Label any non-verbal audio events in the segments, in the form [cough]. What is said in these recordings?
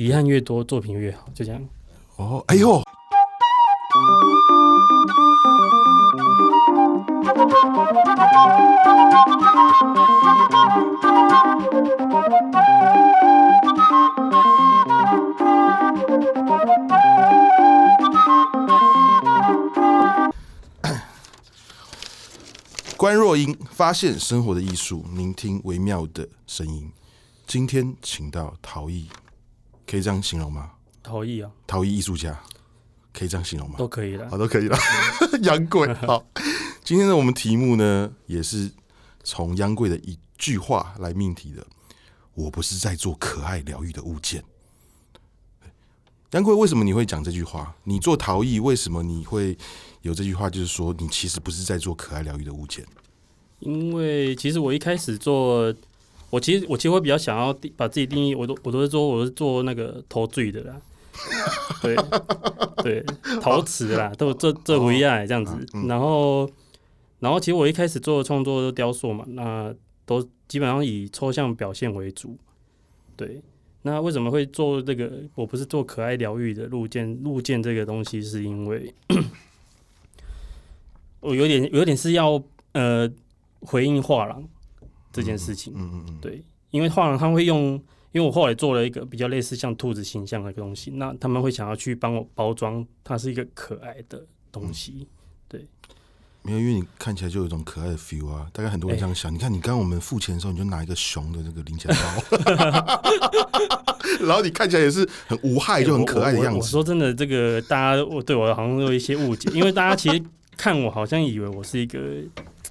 遺憾越多，作品越好，就這樣。哦，哎呦！ [noise] 觀弱音發現生活的藝術，聆聽微妙的聲音。今天請到陶藝。可以這樣形容嗎？陶藝啊，陶藝藝術家，可以這樣形容嗎？都可以了，好，都可以了。央貴， [laughs] 好，今天的我們題目呢，也是從央貴的一句話來命題的。我不是在做可愛療癒的物件。央貴，為什麼你會講這句話？你做陶藝，為什麼你會有這句話？就是說，你其實不是在做可愛療癒的物件。因為其實我一開始做。我其實我其實會比較想要把自己定義，我都我都是說我是做那個陶醉的啦，對 [laughs] 對，陶瓷啦，都這這無一這樣子。然後然後其實我一開始做的創作都雕塑嘛，那都基本上以抽象表現為主。對，那為什麼會做這個？我不是做可愛療癒的物件，物件這個東西是因為 [coughs] 我有點有點是要呃回應畫廊。嗯嗯這件事情，嗯嗯嗯，對，因為畫廊他們會用，因為我後來做了一個比較類似像兔子形象的一個東西，那他們會想要去幫我包裝，它是一個可愛的東西，嗯、對，沒有，因為你看起來就有一種可愛的 feel 啊，大概很多人這樣想。欸、你看，你剛我們付錢的時候，你就拿一個熊的這個零錢包， [laughs] [laughs] [laughs] 然後你看起來也是很無害，就很可愛的樣子。欸、我,我,我,我說真的，這個大家我對我好像有一些誤解， [laughs] 因為大家其實看我好像以為我是一個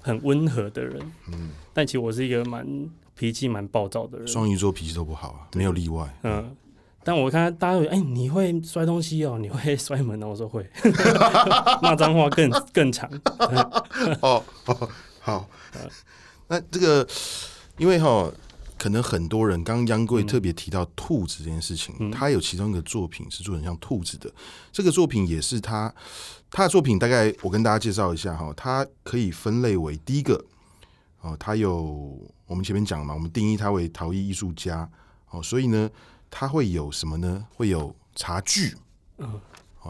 很溫和的人，嗯。但其實我是一個蠻脾氣蠻暴躁的人。雙魚座脾氣都不好啊，對沒有例外。嗯，但我看大家，哎、欸，你會摔東西哦，你會摔門哦。我說會，罵髒 [laughs] [laughs] [laughs] 話更更慘、哦。哦，好，嗯、那這個，因為哈、哦，可能很多人剛剛央貴特別提到兔子這件事情，嗯、他有其中一個作品是做得很像兔子的。這個作品也是他他的作品，大概我跟大家介紹一下哈、哦，他可以分類為第一個。哦，他有我們前面講嘛，我們定義他為陶藝藝術家哦，所以呢，他會有什麼呢？會有茶具，哦，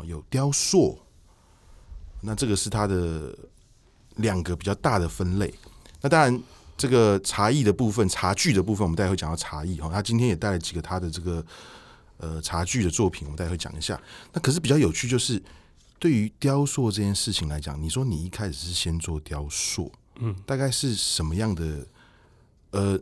有雕塑，那這個是他的兩個比較大的分類。那當然，這個茶藝的部分、茶具的部分，我們待會講到茶藝哈。哦，他今天也帶了幾個他的這個呃茶具的作品，我們待會講一下。那可是比較有趣，就是對於雕塑這件事情來講，你說你一開始是先做雕塑。嗯，大概是什麼樣的？呃，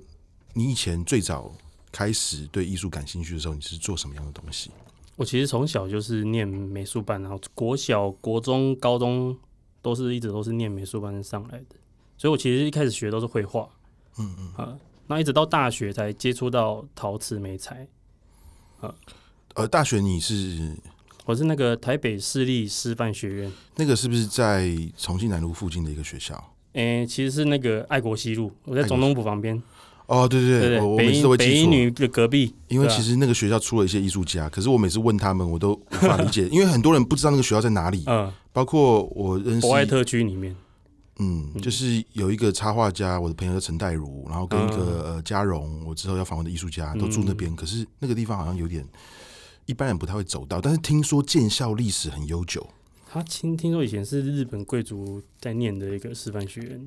你以前最早開始對藝術感興趣的時候，你是做什麼樣的東西？我其實從小就是念美術班，然後國小、國中、高中都是一直都是念美術班上來的，所以我其實一開始學都是繪畫。嗯嗯，啊，那一直到大學才接觸到陶瓷美、美材。啊，呃，大學你是？我是那個台北市立師範學院。那個是不是在重慶南路附近的一個學校？誒，其實是那個愛國西路，我在總統府旁邊。哦，對對對，北北一女的隔壁。因為其實那個學校出了一些藝術家，可是我每次問他們，我都無法理解，因為很多人不知道那個學校在哪裡。嗯，包括我認識博愛特區裡面，嗯，就是有一個插畫家，我的朋友叫陳代如，然後跟一個呃嘉榮，我之後要訪問的藝術家都住那邊。可是那個地方好像有點一般人不太會走到，但是聽說建校歷史很悠久。他聽聽說以前是日本貴族在念的一個師範學院，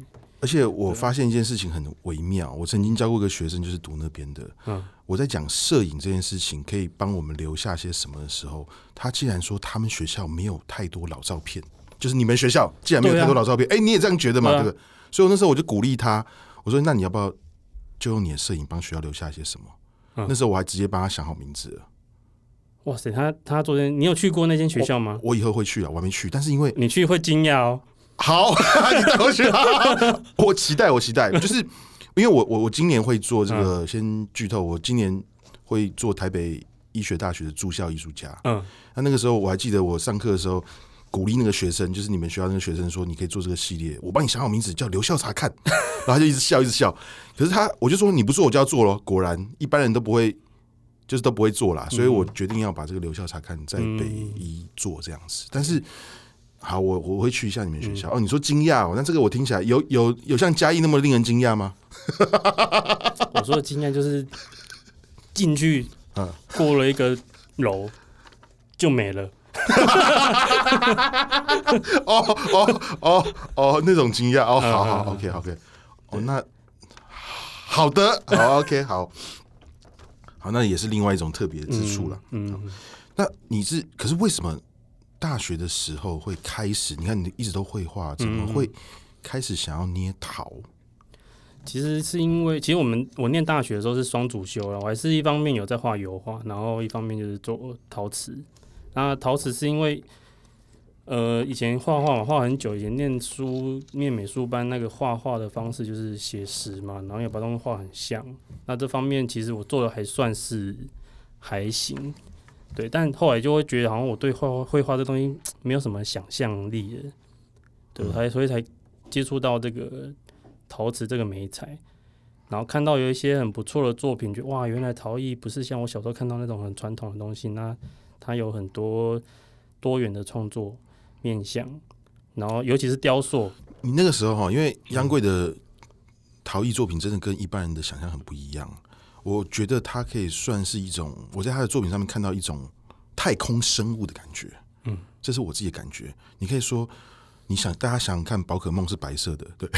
而且我發現一件事情很微妙。我曾經教過一個學生，就是讀那邊的。嗯，我在講攝影這件事情可以幫我們留下些什麼的時候，他竟然說他們學校沒有太多老照片，就是你們學校既然沒有太多老照片，哎、啊欸，你也這樣覺得嘛？的對不對？所以，我那時候我就鼓勵他，我說：“那你要不要就用你的攝影幫學校留下一些什麼？”嗯、那時候我還直接幫他想好名字了。哇塞，他他昨天，你有去過那間學校嗎？我？我以後會去啊，我還沒去，但是因為你去會驚訝哦。好，我期待，我期待。就是因為我我我今年會做這個，嗯、先劇透，我今年會做台北醫學大學的住校藝術家。嗯，那那個時候我還記得我上課的時候鼓勵那個學生，就是你們學校的那個學生說，你可以做這個系列，我幫你想好名字叫留校察看，然後他就一直笑一直笑。可是他我就說，你不做我就要做咯。果然一般人都不會，就是都不會做啦，嗯、所以我決定要把這個留校查看在北藝做這樣子。嗯、但是，好，我我會去一下你們學校。嗯、哦，你說驚訝哦？那這個我聽起來有有有像嘉義那麼令人驚訝嗎？ [laughs] 我說的驚訝就是進去，嗯，過了一個樓就沒了。 [laughs] [laughs] 哦哦哦哦，那種驚訝哦，嗯、好好，好、嗯、OK OK，對哦那好的，好 OK 好。好，那也是另外一種特別之處了。嗯，嗯，那你是，可是為什麼大學的時候會開始？你看你一直都會畫，怎麼會開始想要捏陶？嗯嗯，其實是因為，其實我們我念大學的時候是雙主修了，我還是一方面有在畫油畫，然後一方面就是做陶瓷。那陶瓷是因為。呃，以前畫畫嘛，畫很久。以前念書念美術班，那個畫畫的方式就是寫實嘛，然後也把東西畫很像。那這方面其實我做的還算是還行，對。但後來就會覺得，好像我對畫畫繪畫這東西沒有什麼想象力了。對。才、嗯、所以才接觸到這個陶瓷這個媒材，然後看到有一些很不錯的作品，就哇，原來陶藝不是像我小時候看到那種很傳統的東西，那它有很多多元的創作面相，然後尤其是雕塑，你那個時候哈，因為央貴的陶藝作品真的跟一般人的想象很不一樣。我覺得他可以算是一種，我在他的作品上面看到一種太空生物的感覺，嗯，這是我自己的感覺。你可以說，你想大家想看寶可夢是白色的，對，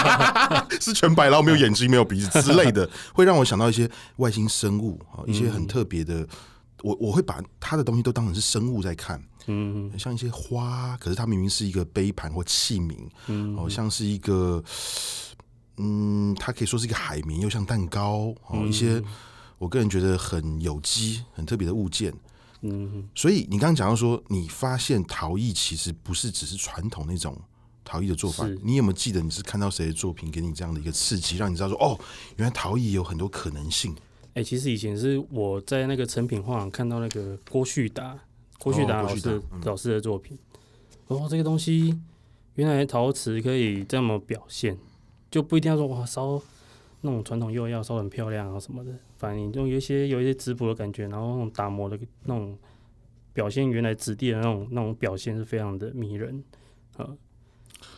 [laughs] 是全白了，然後沒有眼睛、沒有鼻子之類的，會讓我想到一些外星生物啊，一些很特別的。我我會把他的東西都當成是生物在看，嗯哼，像一些花，可是它明明是一個杯盤或器皿，嗯哼，好、哦、像是一個，嗯，它可以說是一個海綿，又像蛋糕，哦，嗯、哼一些我個人覺得很有機、很特別的物件。嗯哼，所以你剛剛講到說，你發現陶藝其實不是只是傳統那種陶藝的做法，是你有沒有記得你是看到誰的作品給你這樣的一個刺激，讓你知道說，哦，原來陶藝有很多可能性？哎、欸，其實以前是我在那個成品畫廊看到那個郭旭達，郭旭達老師、哦、嗯、老師的作品，哦，這個東西原來陶瓷，可以這麼表現，就不一定要說哇燒那種傳統釉要燒很漂亮啊什麼的，反正就有一些有一些質樸的感覺，然後那種打磨的那種表現，原來質地的那種那種表現是非常的迷人啊，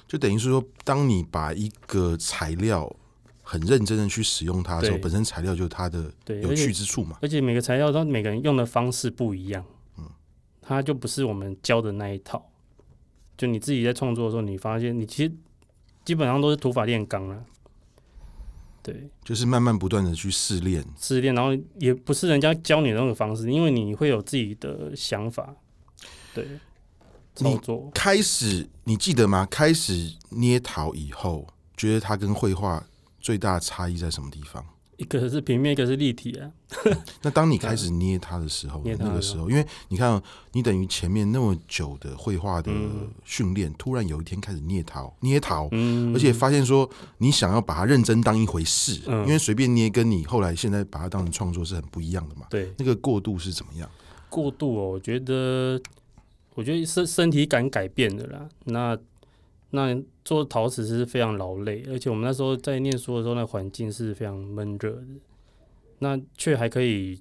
就等於是說，當你把一個材料。很認真的去使用它的時候對，本身材料就是它的有趣之處嘛。而。而且每個材料都每個人用的方式不一樣，嗯，它就不是我們教的那一套。就你自己在創作的時候，你發現你其實基本上都是土法煉鋼啊，對，就是慢慢不斷的去試煉，試煉，然後也不是人家教你的那種方式，因為你會有自己的想法。對，創作你開始你記得嗎？開始捏陶以後，覺得它跟繪畫。最大的差異在什麼地方？一個是平面，一個是立體啊。 [laughs] 嗯、那當你開始捏它的時候，嗯、那個時候，因為你看，你等於前面那麼久的繪畫的訓練，嗯、突然有一天開始捏陶，捏陶，嗯，而且發現說，你想要把它認真當一回事，嗯、因為隨便捏跟你後來現在把它當成創作是很不一樣的嘛。對、嗯，那個過渡是怎麼樣？過渡哦，我覺得，我覺得身身體感改變的啦。那那做陶瓷是非常勞累，而且我們那時候在念書的時候，那環境是非常悶熱的，那卻還可以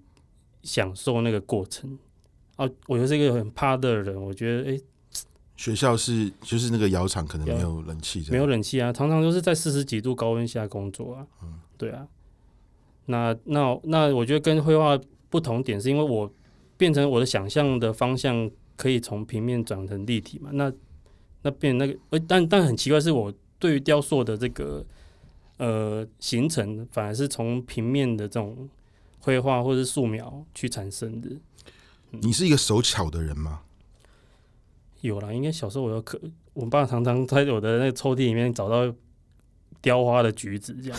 享受那個過程。哦、啊，我就是一個很怕熱的人，我覺得，哎、欸，學校是就是那個窯廠可能沒有冷氣，對樣沒有冷氣啊，常常都是在四十幾度高溫下工作啊。嗯，對啊。那那那，我覺得跟繪畫不同點是因為我變成我的想象的方向可以從平面轉成立體嘛？那那變那個，但但很奇怪，是我對於雕塑的這個呃形成，反而是從平面的這種繪畫或者是素描去產生的。嗯、你是一個手巧的人嗎？有啦，應該小時候我有可，我爸常常在我的那個抽屜裡面找到雕花的橘子這樣，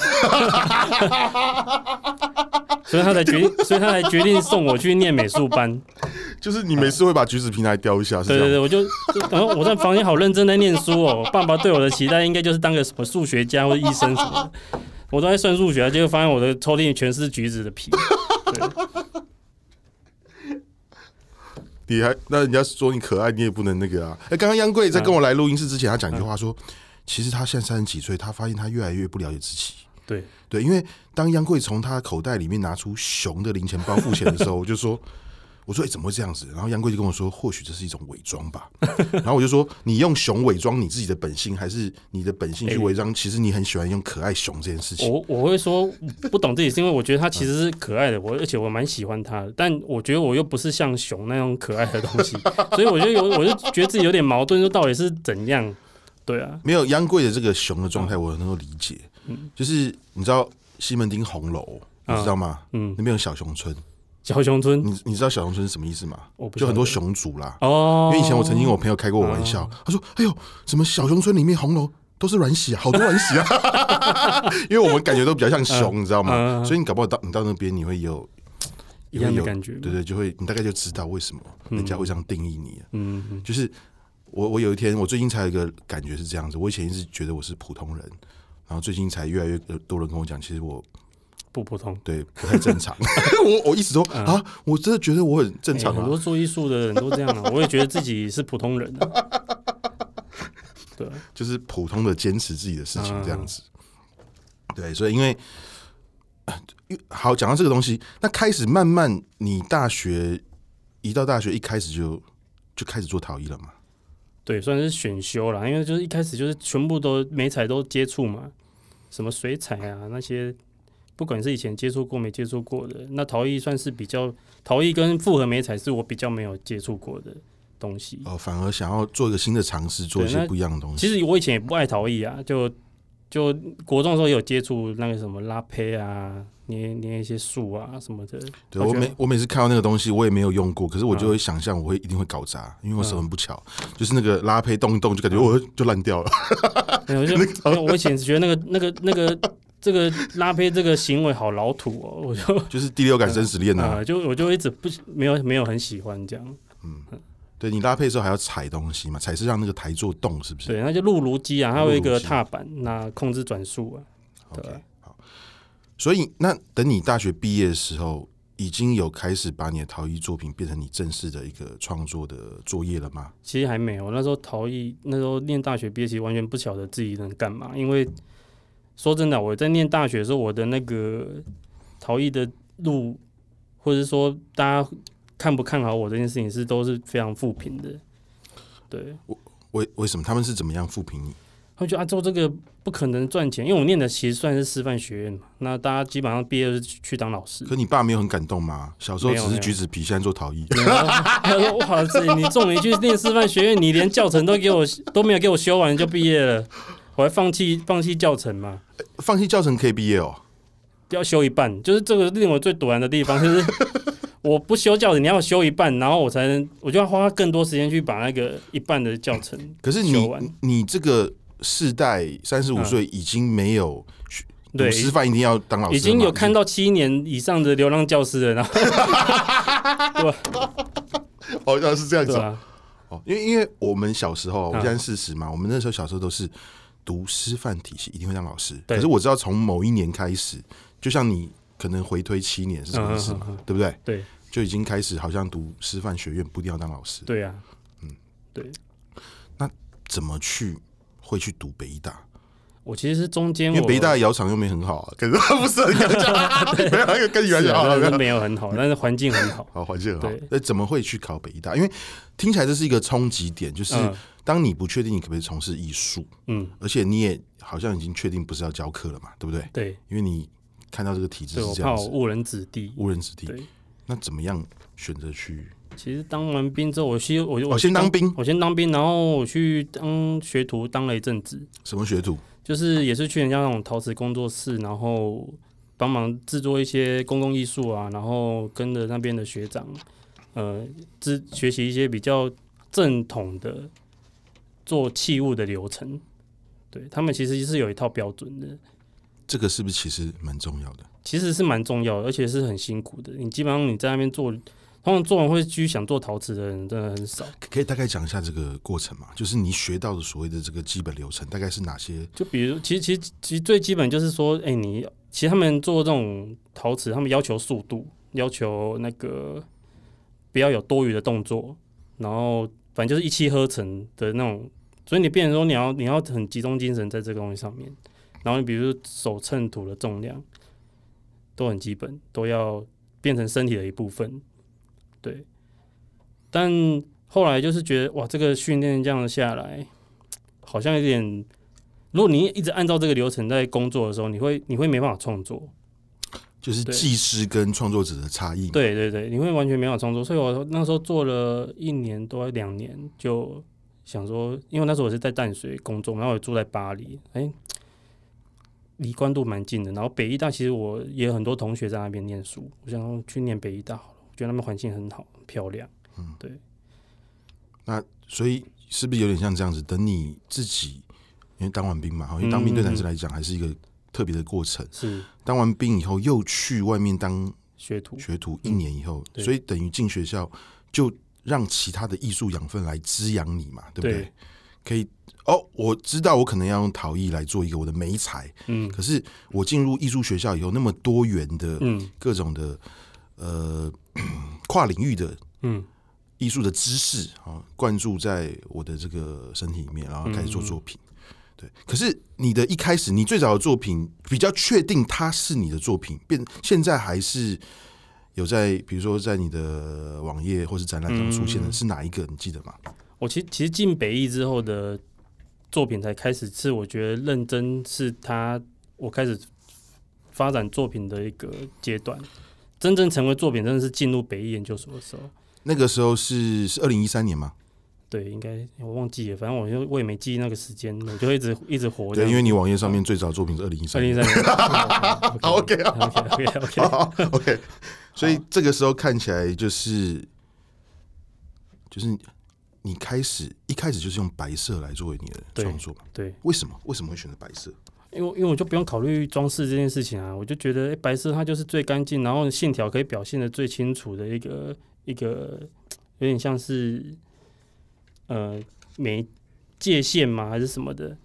[laughs] [laughs] 所以他才決定，所以他才決定送我去念美術班。就是你每次會把橘子皮拿來叼一下、啊，對對對，我就然後我在房間好認真在念書哦，爸爸對我的期待應該就是當個什麼數學家或醫生什麼的。我都在算數學、啊，結果發現我的抽屜裡全是橘子的皮。對，你還那人家說你可愛，你也不能那個啊。哎，剛剛央貴在跟我來錄音室之前，他講一句話說：“啊、其實他現在三十幾歲，他發現他越來越不了解自己。對”對對，因為當央貴從他的口袋裡面拿出熊的零錢包付錢的時候，我就說。 [laughs] 我說、欸：“怎麼會這樣子？”然後央貴就跟我說：“或許這是一種偽裝吧。” [laughs] 然後我就說：“你用熊偽裝你自己的本性，還是你的本性去偽裝？欸、其實你很喜歡用可愛熊這件事情。我”我我會說不懂自己，是因為我覺得它其實是可愛的，嗯、我而且我蠻喜歡它的。但我覺得我又不是像熊那種可愛的東西， [laughs] 所以我就有我就覺得自己有點矛盾，就到底是怎樣？對啊，沒有央貴的這個熊的狀態、嗯，我能夠理解。就是你知道西門町紅樓，嗯、你知道嗎？嗯，那邊有小熊村。小熊村，你你知道小熊村是什麼意思嗎？不就很多熊族啦。哦、因為以前我曾經我朋友開過我玩笑，啊、他說：“哎呦，什麼小熊村裡面紅樓都是阮璽，啊，好多阮璽啊。” [laughs] 因為我們感覺都比較像熊，啊、你知道嗎？啊、所以你搞不好到你到那邊你會有，也會有一樣的感覺。對對，就會你大概就知道為什麼人家會這樣定義你嗯。嗯。嗯就是我我有一天我最近才有一個感覺是這樣子，我以前一直覺得我是普通人，然後最近才越來越多人跟我講，其實我。不普通，對，不太正常。 [laughs] [laughs] 我我一直說啊，我真的覺得我很正常、欸。很多做藝術的人都這樣嘛、啊，我也覺得自己是普通人、啊。對、啊，就是普通的堅持自己的事情這樣子。啊、對，所以因為，啊、好講到這個東西，那開始慢慢，你大學一到大學一開始就就開始做陶藝了嘛？對，算是選修啦，因為就是一開始就是全部都媒材都接觸嘛，什麼水彩啊那些。不管是以前接觸過沒接觸過的，那陶藝算是比較陶藝跟複合媒材是我比較沒有接觸過的東西。呃，反而想要做一個新的嘗試，做一些不一樣的東西。其實我以前也不愛陶藝啊，就就國中的時候有接觸那個什麼拉胚啊，捏捏一些樹啊什麼的。對我每我，我每次看到那個東西，我也沒有用過，可是我就會想象我會、啊、一定會搞砸，因為我手很不巧。啊、就是那個拉胚動一動就感覺我就爛掉了。沒 [laughs] 有，我，就那個、我以前只覺得那個那個那個。那個 [laughs] [laughs] 這個拉坯這個行為好老土哦，喔，我就就是第六感生死戀吶，呃，就我就一直不沒有沒有很喜歡這樣。嗯，對，你拉坯的時候還要踩東西嘛，踩是讓那個台座動是不是？對，那就轆轤機啊，還有一個踏板，那控制轉速啊。OK，好。所以那等你大學畢業的時候，已經有開始把你的陶藝作品變成你正式的一個創作的作業了嗎？其實還沒有，我那時候陶藝那時候念大學畢業，其實完全不曉得自己能幹嘛，因為。說真的，我在念大學的時候，我的那個陶藝的路，或者說大家看不看好我這件事情是，是都是非常負評的。對，為為什麼，他們是怎麼樣負評你？他們覺得啊，做這個不可能賺錢，因為我念的其實算是師範學院嘛，那大家基本上畢業是去當老師。可你爸沒有很感動嗎？小時候只是橘子皮，現在做陶藝。我操！ [laughs] [laughs] 你你中了一句，念師範學院，你連教程都給我都沒有給我修完就畢業了。我要放棄，放棄教程嘛？放棄教程可以畢業哦，要修一半，就是這個令我最堵然的地方，就是 [laughs] 我不修教程，你要修一半，然後我才能，我就要花更多時間去把那個一半的教程完。可是你完你這個世代三十五歲已經沒有對師範一定要當老師了，已經有看到七年以上的流浪教師了，好像是這樣子啊。哦，因為因為我們小時候，我現在四十嘛，啊、我們那時候小時候都是。讀師範體系一定會當老師，可是我知道從某一年開始，就像你可能回推七年是什麼事嘛？對不對？對，就已經開始好像讀師範學院不一定要當老師。對呀，嗯，對。那怎麼去會去讀北藝大？我其實是中間，因為北藝大窯場又沒很好啊，可是不是很差，跟原校沒有很好，但是環境很好，好環境很好。那怎麼會去考北藝大？因為聽起來這是一個衝擊點，就是。當你不確定你可不可以從事藝術，嗯，而且你也好像已經確定不是要教課了嘛，對不對？對，因為你看到這個體制是這樣子誤人子弟，誤人子弟。對那怎麼樣選擇去？其實當完兵之後，我先我我先當兵，我先當兵，然後我去當學徒當了一陣子。什麼學徒？就是也是去人家那種陶瓷工作室，然後幫忙制作一些公共藝術啊，然後跟着那邊的學長，呃，之學習一些比較正統的。做器物的流程，對他們其實是有一套標準的。這個是不是其實蠻重要的？其實是蠻重要而且是很辛苦的。你基本上你在那邊做，他們做完會繼續想做陶瓷的人真的很少。可以大概講一下這個過程嘛？就是你學到的所謂的這個基本流程，大概是哪些？就比如，其實其實其實最基本就是說，哎、欸，你其實他們做這種陶瓷，他們要求速度，要求那個不要有多餘的動作，然後反正就是一氣呵成的那種。所以你變成說你要你要很集中精神在這個東西上面，然後你比如手秤土的重量，都很基本，都要變成身體的一部分，對。但後來就是覺得哇，這個訓練這樣子下來，好像有點，如果你一直按照這個流程在工作的時候，你會你會沒辦法創作。就是技師跟創作者的差異，對對對，你會完全沒法創作。所以我那時候做了一年多兩年就。想說，因為那時候我是在淡水工作，然後我住在巴黎，哎、欸，離關渡蠻近的。然後北藝大其實我也有很多同學在那邊念書，我想說去念北藝大好了，我覺得那邊環境很好，很漂亮。嗯，對。那所以是不是有點像這樣子？等你自己因為當完兵嘛，因為當兵對男生來講還是一個特別的過程。嗯、是，當完兵以後又去外面當學徒，學徒一年以後，嗯、所以等於進學校就。讓其他的藝術養分來滋養你嘛，對不對？對可以哦，我知道我可能要用陶藝來做一個我的媒材，嗯，可是我進入藝術學校以後，那麼多元的各種的、嗯、呃跨領域的藝術的知識啊、嗯哦，灌注在我的這個身體裡面，然後開始做作品，嗯嗯對。可是你的一開始，你最早的作品比較確定，它是你的作品，變現在還是？有在，比如說在你的網頁或是展覽上出現的、嗯、是哪一個？你記得嗎？我其實其實進北藝之後的作品，才開始是我覺得認真是他，我開始發展作品的一個階段，真正成為作品，真的是進入北藝研究所的時候。那個時候是是二零一三年嗎？對，應該我忘記了，反正我就我也沒記那個時間，我就一直一直活着。對，因為你網頁上面最早的作品是二零一三。二零一三。 [laughs] OK OK OK OK 好好。Okay. [laughs] 所以這個時候看起來就是，就是你開始一開始就是用白色來作為你的創作嘛。對。對，為什麼為什麼會選擇白色？因為因為我就不用考慮裝飾這件事情啊，我就覺得，欸，白色它就是最乾淨，然後線條可以表現得最清楚的一個一個，有點像是呃沒界限嘛，還是什麼的。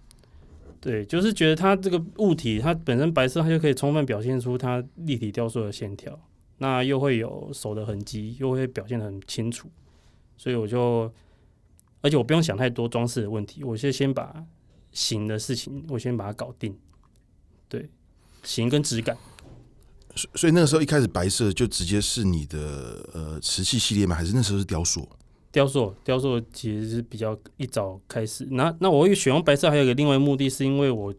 對，就是覺得它這個物體它本身白色它就可以充分表現出它立體雕塑的線條。那又會有手的痕迹，又會表現得很清楚，所以我就，而且我不用想太多裝飾的問題，我是先把形的事情，我先把它搞定，對，形跟質感。所以所以那個時候一開始白色就直接是你的呃瓷器系列嗎？還是那時候是雕塑？雕塑，雕塑其實是比較一早開始。那那我選用白色還有一個另外一個目的是因為我。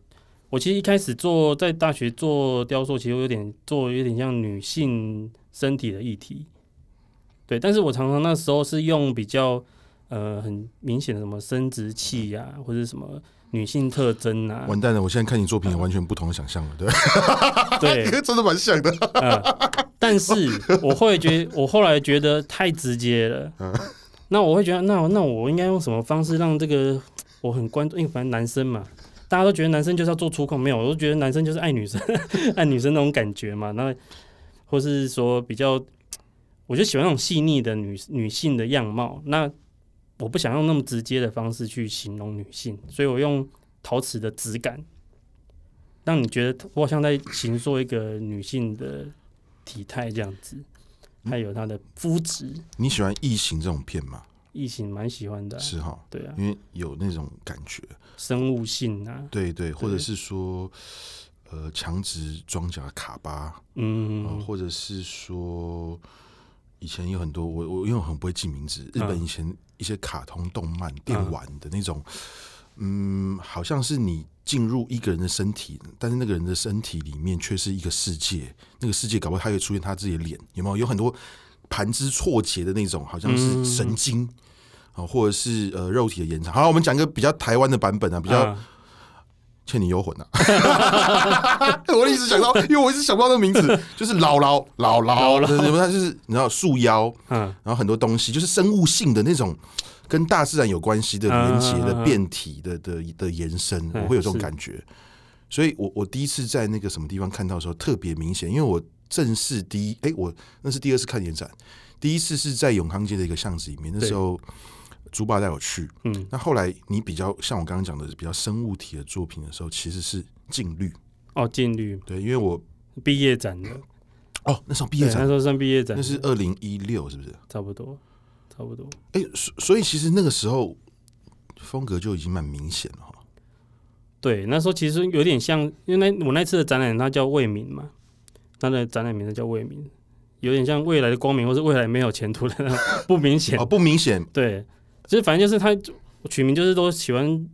我其實一開始做在大學做雕塑，其實我有點做有點像女性身體的議題，對。但是我常常那時候是用比較呃很明顯的什麼生殖器呀、啊，或者什麼女性特徵啊。完蛋了！我現在看你作品，也完全不同的想象了，呃、對。對， [laughs] 真的蠻像的、呃。但是我會覺我後來覺得太直接了。嗯、那我會覺得，那那我應該用什麼方式讓這個我很關注？因為反正男生嘛。大家都覺得男生就是要做粗獷，沒有，我都覺得男生就是愛女生，呵呵愛女生那種感覺嘛。那或是說比較，我就喜歡那種細膩的女女性的樣貌。那我不想用那麼直接的方式去形容女性，所以我用陶瓷的質感，讓你覺得我好像在形塑一個女性的體態這樣子，還有她的膚質、嗯。你喜歡異形這種片嗎？異形蠻喜歡的、啊，是哈、哦，對啊，因為有那種感覺。生物性啊，對對，對或者是說，呃，強殖裝甲卡巴，嗯、呃，或者是說，以前有很多我我因為我很不會記名字，啊、日本以前一些卡通動漫電玩的那種，啊、嗯，好像是你進入一個人的身體，但是那個人的身體裡面卻是一個世界，那個世界搞不好他會出現他自己的臉，有沒有？有很多盤枝錯節的那種，好像是神經。嗯啊，或者是呃肉體的延長。好，我們講一個比較台灣的版本啊，比較倩女、uh huh. 幽魂啊。 [laughs] 我一直想到，因為我一直想不到那個名字，就是姥姥姥姥了。什麼？它，就是你知道樹妖，嗯，uh huh. 然後很多東西，就是生物性的那種跟大自然有關係的連接的變、uh huh. 體的的的延伸，uh huh. 我會有這種感覺。Hey, 是所以我我第一次在那個什麼地方看到的時候特別明顯，因為我正式第一哎，、欸，我那是第二次看延展，第一次是在永康街的一個巷子裡面那時候。豬爸帶我去。嗯，那後來你比較像我剛剛講的比較生物體的作品的時候，其實是禁律哦，禁律對，因為我畢、嗯、業展的哦，那時候畢業展，那時候算畢業展，那是二零一六是不是？差不多，差不多。哎、欸，所以所以其實那個時候風格就已經蠻明顯了哈。對，那時候其實有點像，因為那我那次的展覽，它叫未明嘛，它的展覽名字叫未明，有點像未來的光明，或是未來沒有前途的那種， [laughs] 不明顯哦，不明顯，對。其實反正就是他取名就是都喜歡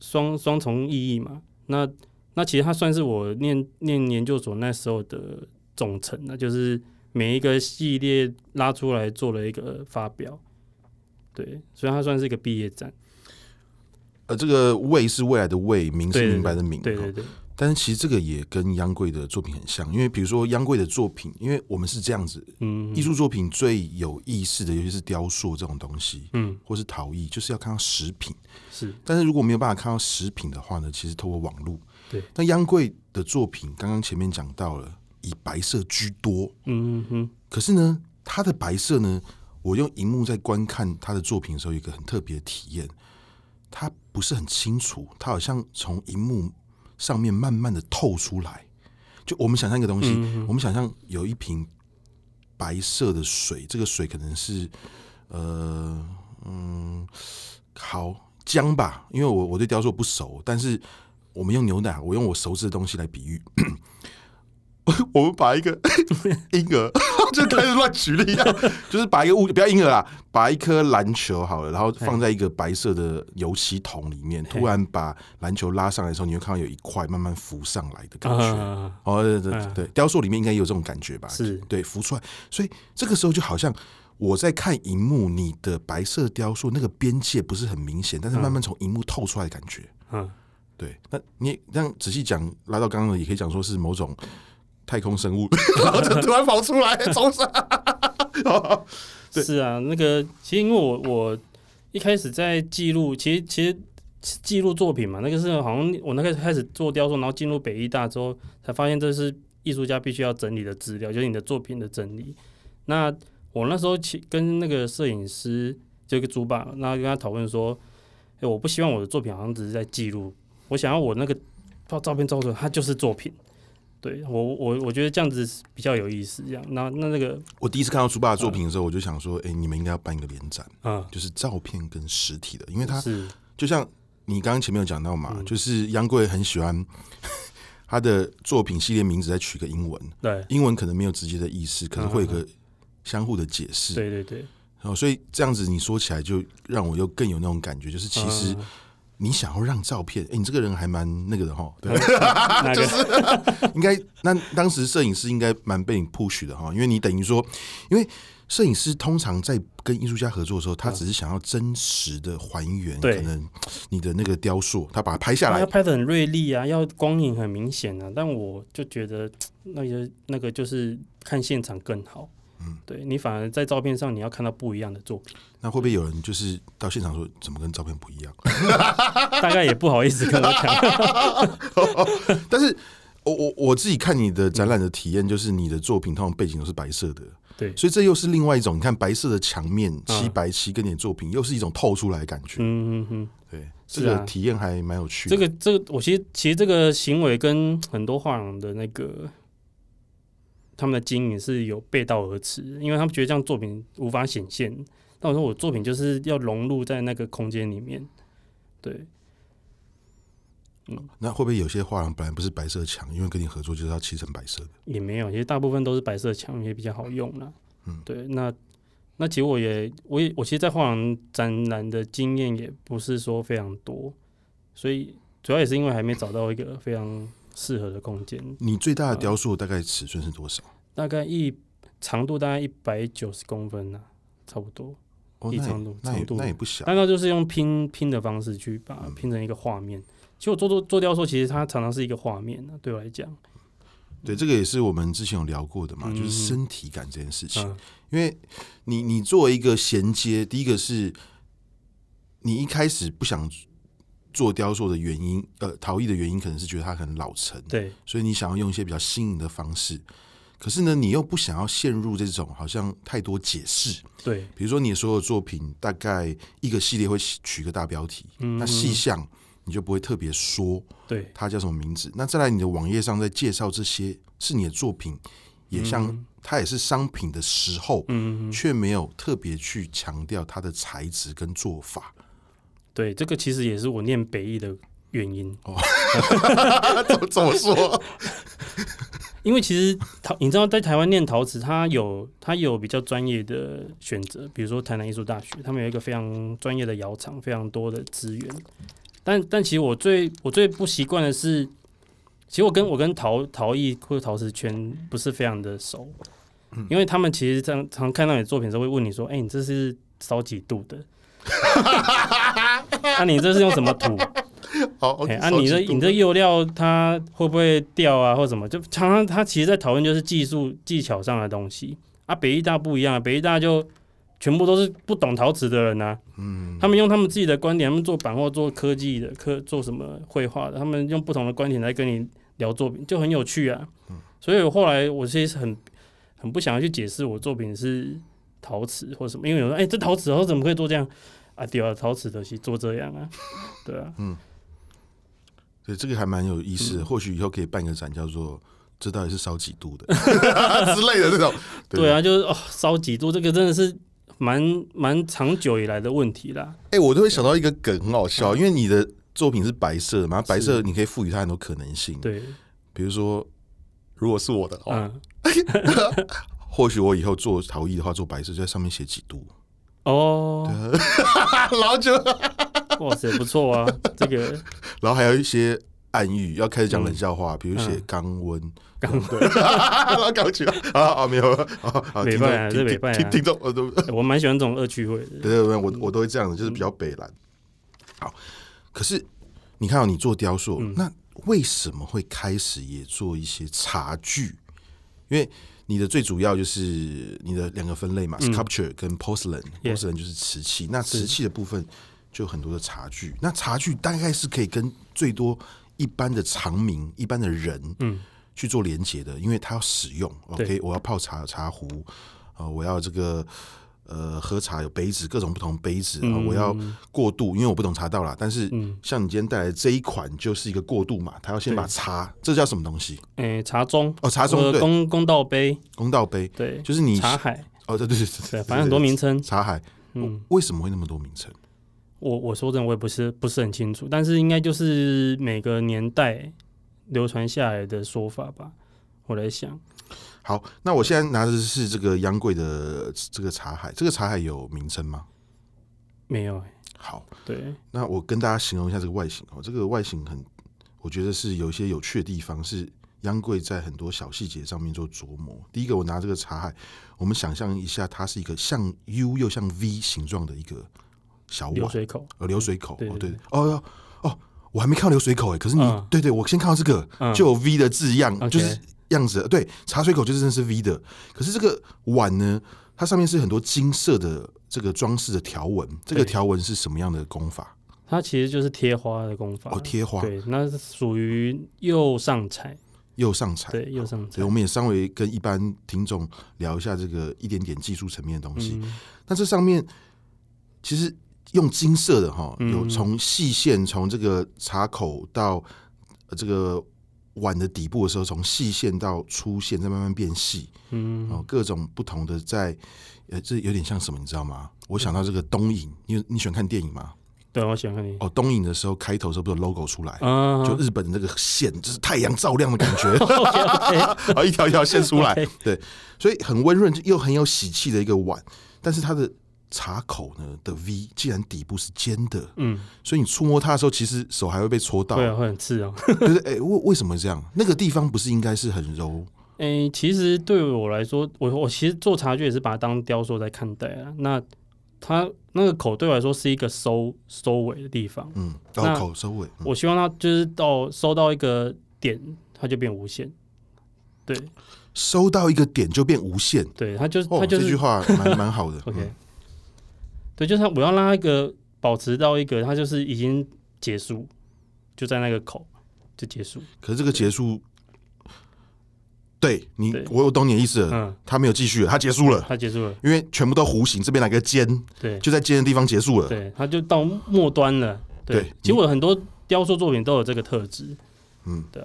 雙雙重意義嘛。那那其實他算是我念念研究所那時候的總成，那就是每一個系列拉出來做了一個發表。對，所以他算是一個畢業展。呃，這個未是未來的未，明是明白的明。對對對。但是其實這個也跟央貴的作品很像，因為比如說央貴的作品，因為我們是這樣子，嗯哼，藝術作品最有意思的，尤其是雕塑這種東西，嗯，或是陶藝，就是要看到實體。是，但是如果沒有辦法看到實體的話呢，其實透過網絡，對。那央貴的作品，剛剛前面講到了，以白色居多，嗯哼。可是呢，他的白色呢，我用熒幕在觀看他的作品的時候，有一個很特別的體驗，他不是很清楚，他好像從熒幕。上面慢慢的透出來，就我們想象一個東西，嗯嗯，我們想象有一瓶白色的水，這個水可能是，呃，嗯，好姜吧，因為我我對雕塑不熟，但是我們用牛奶，我用我熟知的東西來比喻。 [coughs] [laughs] 我們把一個嬰兒 [laughs] 就開始亂舉了一樣， [laughs] 就是把一個物，不要嬰兒啊，把一顆籃球好了，然後放在一個白色的油漆桶裡面，Hey. 突然把籃球拉上來的時候，你會看到有一塊慢慢浮上來的感覺。哦，對，雕塑裡面應該也有這種感覺吧？是，uh huh. 對，浮出來。所以這個時候就好像我在看熒幕，你的白色雕塑那個邊界不是很明顯，但是慢慢從熒幕透出來的感覺。嗯、uh，huh. 對。那你這樣仔細講，拉到剛剛的，也可以講說是某種。太空生物， [laughs] 然後就突然跑出來，衝上。是啊，那個其實因為我我一開始在記錄，其實其實記錄作品嘛，那個是好像我那個開始做雕塑，然後進入北藝大之後，才發現這是藝術家必須要整理的資料，就是你的作品的整理。那我那時候去跟那個攝影師，就一個主辦，那跟他討論說，哎、欸，我不希望我的作品好像只是在記錄，我想要我那個拍照片照出來，它就是作品。對，我我我覺得這樣子比較有意思，這樣那那那、這個我第一次看到朱爸的作品的時候，嗯、我就想說，哎、欸，你們應該要辦一個聯展啊，嗯、就是照片跟實體的，因為他是就像你剛剛前面有講到嘛，嗯、就是央貴很喜歡呵呵他的作品系列名字再取個英文，對，英文可能沒有直接的意思，可能會有一個相互的解釋，嗯嗯、對對對，然後、哦、所以這樣子你說起來，就讓我又更有那種感覺，就是其實。嗯你想要讓照片？哎、欸，你這個人還蠻那個的哈，那、嗯、 [laughs] 就是應該。那當時攝影師應該蠻被你 push 的哈，因為你等於說，因為攝影師通常在跟藝術家合作的時候，他只是想要真實的還原，可能你的那個雕塑，對他把它拍下來，他要拍得很銳利啊，要光影很明顯啊。但我就覺得那個那個就是看現場更好。嗯，對，你反而在照片上你要看到不一樣的作品，那會不會有人就是到現場說怎麼跟照片不一樣？ [laughs] [laughs] 大概也不好意思跟我講、 [laughs] [laughs] 哦哦。但是，我、哦、我我自己看你的展覽的體驗，嗯、就是你的作品，通常背景都是白色的，對，所以這又是另外一種，你看白色的牆面漆白漆跟你的作品又是一種透出來的感覺。嗯嗯嗯，對，這個體驗還蠻有趣的。啊、這個這個，我其實其實這個行為跟很多畫廊的那個。他們的經營是有背道而馳，因為他們覺得這樣作品無法顯現。但我說我作品就是要融入在那個空間裡面，對。嗯，那會不會有些畫廊本來不是白色牆，因為跟你合作就是要漆成白色的？也沒有，其實大部分都是白色牆，也比較好用啦。嗯，對。那那其實我也，我也，我其實，在畫廊展覽的經驗也不是說非常多，所以主要也是因為還沒找到一個非常。適合的空間，你最大的雕塑大概尺寸是多少？啊、大概一長度大概一百九十公分呢、啊，差不多。一、哦、長度，長度那，那也不小。大概就是用拼拼的方式去把它拼成一個畫面。嗯、其實我做做做雕塑，其實它常常是一個畫面呢、啊。對我來講，對這個也是我們之前有聊過的嘛，嗯、就是身體感這件事情。嗯啊、因為你你作為一個銜接，第一個是你一開始不想。做雕塑的原因，呃，陶藝的原因，可能是覺得它很老成，對，所以你想要用一些比較新穎的方式，可是呢，你又不想要陷入這種好像太多解釋，對，比如說，你所有的作品大概一個系列會取個大標題，嗯、哼那細項你就不會特別說，對，它叫什麼名字？對那再來你的網頁上在介紹這些是你的作品，也像它也是商品的時候，嗯哼，卻沒有特別去強調它的材質跟做法。對，這個其實也是我念北藝的原因。怎麼、哦、是 [laughs] 怎麼說？ [laughs] 因為其實陶，你知道，在台灣念陶瓷，它有它有比較專業的選擇，比如說台南藝術大學，他們有一個非常專業的窯廠，非常多的資源。但但其實我最我最不習慣的是，其實我跟我跟陶陶藝或陶瓷圈不是非常的熟，嗯、因為他們其實常常看到你的作品，都會問你說：“哎、欸，你這是燒幾度的？”哈，那、 [laughs] [laughs] 啊、你這是用什麼土？ [laughs] 好，OK 那你的你這釉料，它會不會掉啊，或者什麼？就常常他其實在討論就是技術技巧上的東西啊。北藝大不一樣、啊，北藝大就全部都是不懂陶瓷的人吶、啊。嗯，他們用他們自己的觀點，他們做版畫、做科技的、科做什麼繪畫的，他們用不同的觀點來跟你聊作品，就很有趣啊。嗯，所以我後來我其實很很不想要去解釋我作品是陶瓷或什麼，因為有人說，哎、欸，這陶瓷然後怎麼可以做這樣？啊，雕、啊、陶瓷東西做這樣啊，對啊，嗯，所以這個還蠻有意思的，嗯、或許以後可以辦個展，叫做“這到底是燒幾度的” [laughs] [laughs] 之類的這種。對，對啊，就是、哦、燒幾度，這個真的是蠻蠻長久以來的問題啦。哎、欸，我就會想到一個梗，很好笑，對因為你的作品是白色的嘛，是白色你可以賦予它很多可能性。對，比如說，如果是我的話，嗯哦、 [laughs] 或許我以後做陶藝的話，做白色，就在上面寫幾度。哦，老久，哇塞，不錯啊，這個。然後還有一些暗喻，要開始講冷笑話，比如寫鋼溫，鋼溫，老搞起了，啊啊，沒有，沒辦法，這沒辦法。聽眾，我都，我蠻喜歡這種惡趣味的。對對對，我我都會這樣的，就是比較北藍。好，可是你看，你做雕塑，那為什麼會開始也做一些茶具？因為。你的最主要就是你的兩個分類嘛，sculpture、嗯、跟 Yeah. porcelain，porcelain 就是瓷器。是那瓷器的部分就有很多的茶具，那茶具大概是可以跟最多一般的常民一般的人去做連接的，嗯、因為它要使用對，OK，我要泡茶的茶壺，啊、呃，我要這個。呃，喝茶有杯子，各種不同杯子，嗯哦、我要過渡，因為我不懂茶道啦。但是像你今天帶來這一款，就是一個過渡嘛。他要先把茶，對這叫什麼東西？哎、欸，茶盅哦，茶盅，呃、對公公道杯，公道杯，道杯對，就是你茶海哦，對對對對，對，對，反正很多名稱，茶海。嗯，為什麼會那麼多名稱，嗯？我我說真的，我也不是不是很清楚，但是應該就是每個年代流傳下來的說法吧。我來想。好，那我現在拿的是這個央貴的這個茶海，這個茶海有名稱嗎？沒有。好，對，那我跟大家形容一下這個外形哦，這個外形很，我覺得是有一些有趣的地方，是央貴在很多小細節上面做琢磨。第一個，我拿這個茶海，我們想象一下，它是一個像 U 又像 V 形狀的一個小碗，流水口，流水口，對對對哦，對，哦，哦，我還沒看到流水口，哎，可是你，嗯、對，對對，我先看到這個，就有 V 的字樣，嗯、就是。Okay 樣子對，茶水口就是真是 V 的，可是這個碗呢，它上面是很多金色的這個裝飾的條紋，對這個條紋是什麼樣的工法？它其實就是貼花的工法，哦。貼花對，那是屬於釉上彩，釉上彩對，釉上彩。所以好我們也稍微跟一般聽眾聊一下這個一點點技術層面的東西。嗯、那這上面其實用金色的哈，有從細線從這個茶口到這個。碗的底部的時候，從細線到粗線再慢慢變細，嗯，然後、哦、各種不同的在，呃，這有點像什麼，你知道嗎？對我想到這個東影，你喜歡看電影嗎？對，我喜歡看電影。哦，東影的時候開頭的時候不是有 logo 出來，嗯、就日本的那個線，嗯、就是太陽照亮的感覺，然、 [laughs] okay, okay 一條一條線出來， [laughs] 對，對所以很溫潤，又很有喜氣的一個碗，但是它的。茶口呢的 V 既然，底部是尖的，嗯，所以你觸摸它的、的時候，其實手還會被戳到，對，會很刺啊、喔。就 [laughs] 是哎，為、欸、為什麼這樣？那個地方不是應該是很柔？哎、欸，其實對我來說，我我其實做茶具也是把它當雕塑在看待啊。那它那個口對我來說是一個收收尾的地方，嗯，刀那口收尾。嗯、我希望它就是到、哦、收到一個點，它就變無限。對，收到一個點就變無限。對，它就、哦它就是它這句話蠻蠻 [laughs] 好的。OK、嗯。對，就是我要拉一個，保持到一個，它就是已經結束，就在那個口就結束。可是這個結束，對，對你，對我有懂你的意思了。嗯，它沒有繼續了，它結束了，他結束了，因為全部都弧形，這邊來個尖，對，就在尖的地方結束了，對，它就到末端了，對。對其實我很多雕塑作品都有這個特質，嗯，對，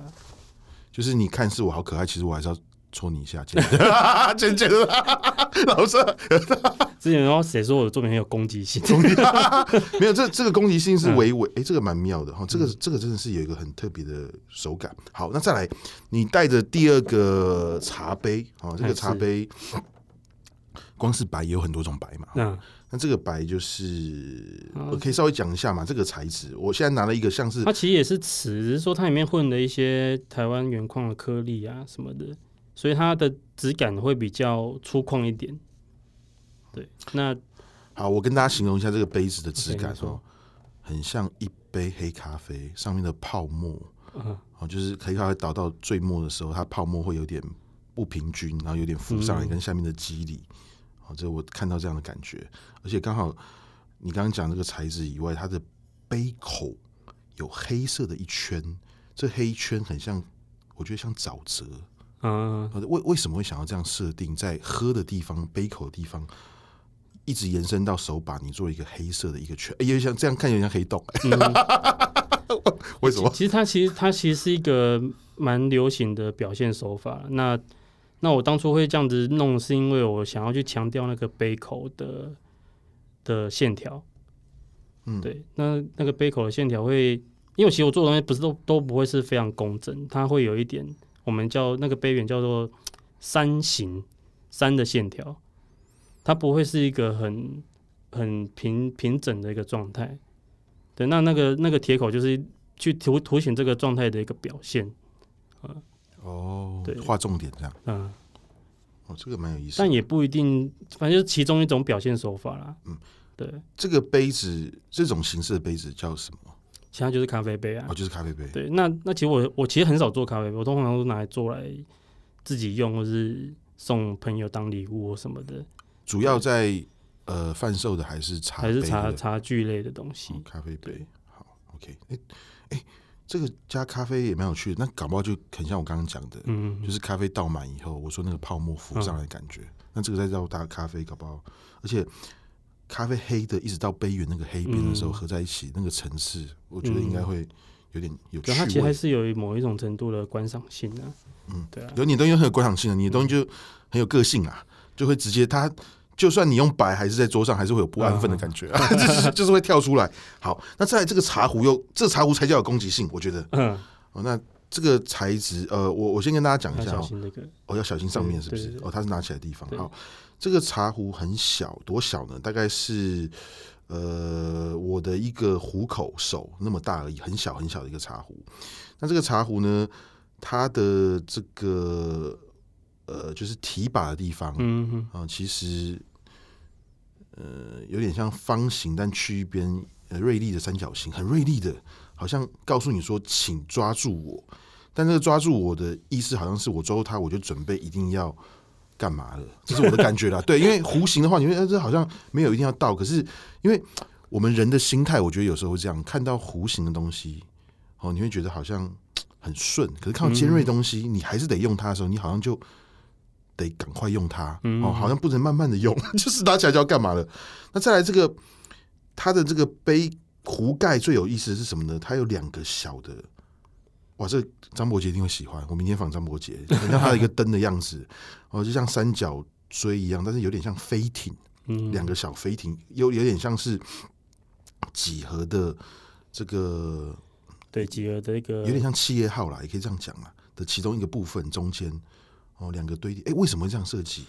就是你看似我好可愛，其實我還是要。戳你一下。堅決了， [laughs] 見見了 [laughs] 老師。 [laughs] 之前然後誰說我的作品很有攻擊性？ [laughs] [laughs] 沒有，這這個攻擊性是唯唯。哎、嗯欸，這個蠻妙的哈，這個這個真的是有一個很特別的手感。好，那再來，你帶着第二個茶杯啊，這個茶杯，是光是白也有很多種白嘛。嗯，那這個白就是後我可以稍微講一下嘛，這個材質，我現在拿了一個像是它其實也是瓷，只、就是、說它裡面混了一些台灣原礦的顆粒啊什麼的。所以它的質感會比較粗獷一點。對，那好，我跟大家形容一下這個杯子的質感 okay, so.、哦，說很像一杯黑咖啡上面的泡沫，啊、uh huh. 哦，就是黑咖啡倒到最末的時候，它泡沫會有點不平均，然後有點浮上來跟下面的肌理，啊、嗯，這、哦、我看到這樣的感覺。而且剛好你剛剛講這個材質以外，它的杯口有黑色的一圈，這黑一圈很像，我覺得像沼澤。嗯，啊、為為什麼會想要這樣設定？在喝的地方，杯口的地方，一直延伸到手把，你做一個黑色的一個圈，哎、欸，有像這樣看有點像黑洞，欸。嗯、哼 [laughs] 為什麼？其實它其實它其實是一個蠻流行的表現手法。那那我當初會這樣子弄，是因為我想要去強調那個杯口的的線條。嗯，對，那那個杯口的線條會，因為我其實我做的東西不是都都不會是非常工整，它會有一點。我們叫那個杯緣叫做山形，山的線條，它不會是一個很很平平整的一個狀態。對，那那個那個鐵口就是去突凸顯這個狀態的一個表現啊。嗯、哦，對，畫重點這樣。嗯，哦，這個蠻有意思，但也不一定，反正就是其中一種表現手法啦。嗯，對，這個杯子這種形式的杯子叫什麼？其他就是咖啡杯啊，哦，就是咖啡杯。對，那那其實我我其實很少做咖啡杯，我通常都拿來做來自己用，或是送朋友當禮物什麼的。主要在呃販售的還是茶，還是茶茶具類的東西，嗯、咖啡杯。對好，OK。哎、欸、哎、欸，這個加咖啡也蠻有趣的。那搞不好就很像我剛剛講的，嗯，就是咖啡倒滿以後，我說那個泡沫浮上來的感覺。嗯、那這個再加大咖啡搞不好，而且。咖啡黑的，一直到杯緣，那個黑邊的時候合在一起，那個層次，我覺得應該會有點有趣味。它其實還是有某一種程度的觀賞性的。嗯，對啊，有你的東西很有觀賞性的，你的東西就很有個性啊，就會直接它，就算你用白還是在桌上，還是會有不安分的感覺，就是會跳出來。好，那再來這個茶壺又，這茶壺才叫有攻擊性，我覺得。嗯。哦，那這個材質，呃，我我先跟大家講一下，小心那個，要小心上面是不是？哦，它是拿起來的地方好。這個茶壺很小，多小呢？大概是，呃，我的一個虎口手那麼大而已，很小很小的一個茶壺。那這個茶壺呢，它的這個呃，就是提把的地方，嗯哼，啊，呃，其實，呃，有點像方形，但區一邊呃銳利的三角形，很銳利的，好像告訴你說，請抓住我。但這個抓住我的意思，好像是我抓住它，我就準備一定要。幹嘛了？這是我的感覺啦。對，因為弧形的話，你會覺得、呃、這好像沒有一定要倒。可是因為我們人的心態，我覺得有時候會這樣，看到弧形的東西，哦，你會覺得好像很順。可是看到尖銳的東西，嗯、你還是得用它的時候，你好像就得趕快用它。嗯、哦，好像不能慢慢的用，就是拿起來就要幹嘛了。那再來這個它的這個杯壺蓋最有意思的是什麼呢？它有兩個小的。我這張伯杰一定會喜歡，我明天訪張伯杰，像他一個燈的樣子， [laughs] 哦，就像三角錐一樣，但是有點像飛艇，嗯、兩個小飛艇，有有點像是幾何的這個，對幾何的一個，有點像企業號啦，也可以這樣講啦的其中一個部分中間，哦，兩個堆疊，哎、欸，為什麼會這樣設計？